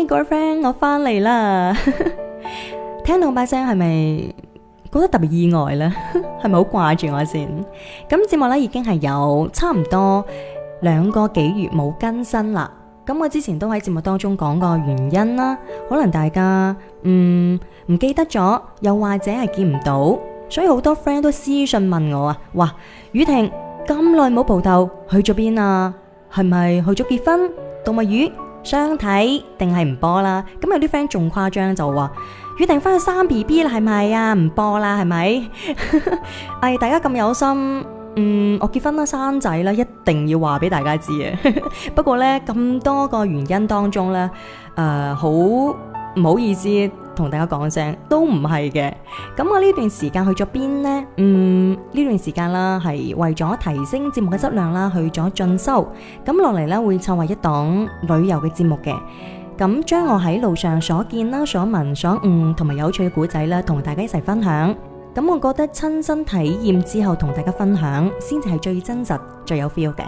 Hey, girlfriend，我翻嚟啦， 聽到我把聲係咪覺得特別意外咧？係咪好掛住我先？咁節目咧已經係有差唔多兩個幾月冇更新啦。咁我之前都喺節目當中講過原因啦，可能大家嗯唔記得咗，又或者係見唔到，所以好多 friend 都私信問我啊，哇，宇婷咁耐冇浦頭，去咗邊啊？係咪去咗結婚？度蜜月？相睇定係唔播啦，咁有啲 friend 仲誇張就話宇婷翻去生 B B 啦，係咪啊？唔播啦，係咪？唉、 哎，大家咁有心，嗯，我結婚啦，生仔啦，一定要話俾大家知啊。 不過咧，咁多個原因當中咧，誒、呃，好唔好意思。同大家講聲，都唔係嘅。咁我呢段時間去咗邊呢？嗯，呢段時間啦，係為咗提升節目嘅質量啦，去咗進修。咁落嚟咧，會策劃一檔旅遊嘅節目嘅。咁將我喺路上所見啦、所聞、所悟同埋有趣嘅古仔啦，同大家一齊分享。咁我覺得親身體驗之後，同大家分享先至係最真實、最有 feel 嘅。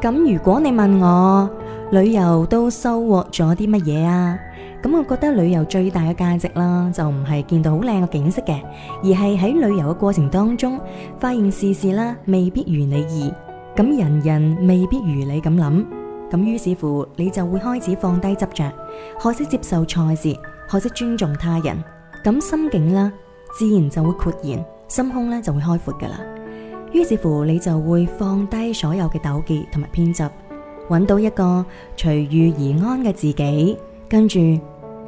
咁如果你問我旅遊都收穫咗啲乜嘢啊？咁我覺得旅遊最大嘅價值啦，就唔係見到好靚嘅景色嘅，而係喺旅遊嘅過程當中發現事事啦未必如你意，咁人人未必如你咁諗，咁於是乎你就會開始放低執着，學識接受挫折，學識尊重他人，咁心境啦自然就會豁然，心胸咧就會開闊噶啦，於是乎你就會放低所有嘅糾結同埋偏執，揾到一個隨遇而安嘅自己。跟住，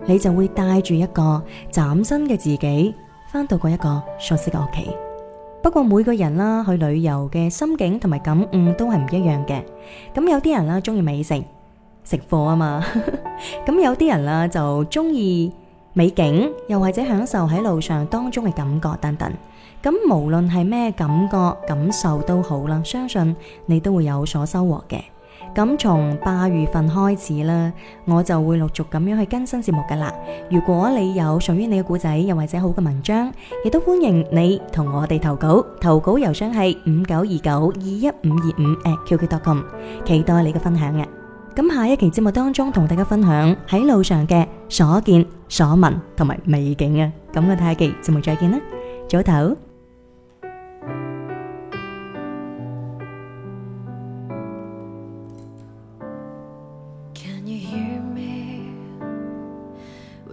你就會帶住一個嶄新嘅自己，翻到過一個熟悉嘅屋企。不過每個人啦去旅遊嘅心境同埋感悟都係唔一樣嘅。咁有啲人啦中意美食食貨啊嘛，咁 有啲人啦就中意美景，又或者享受喺路上當中嘅感覺等等。咁無論係咩感覺感受都好啦，相信你都會有所收穫嘅。咁從八月份開始啦，我就會陸續咁樣去更新節目噶啦。如果你有屬於你嘅故仔，又或者好嘅文章，亦都歡迎你同我哋投稿。投稿郵箱係五九二九二一五二五 @qq.com，期待你嘅分享啊！咁下一期節目當中，同大家分享喺路上嘅所見所聞同埋美景啊！咁我哋下期節目再見啦，早唞。